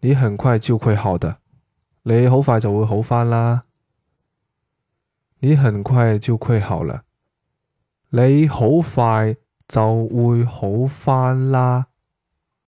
你很快就會好的，你好快就會好翻啦。你很快就會好了，你好快就會好翻啦。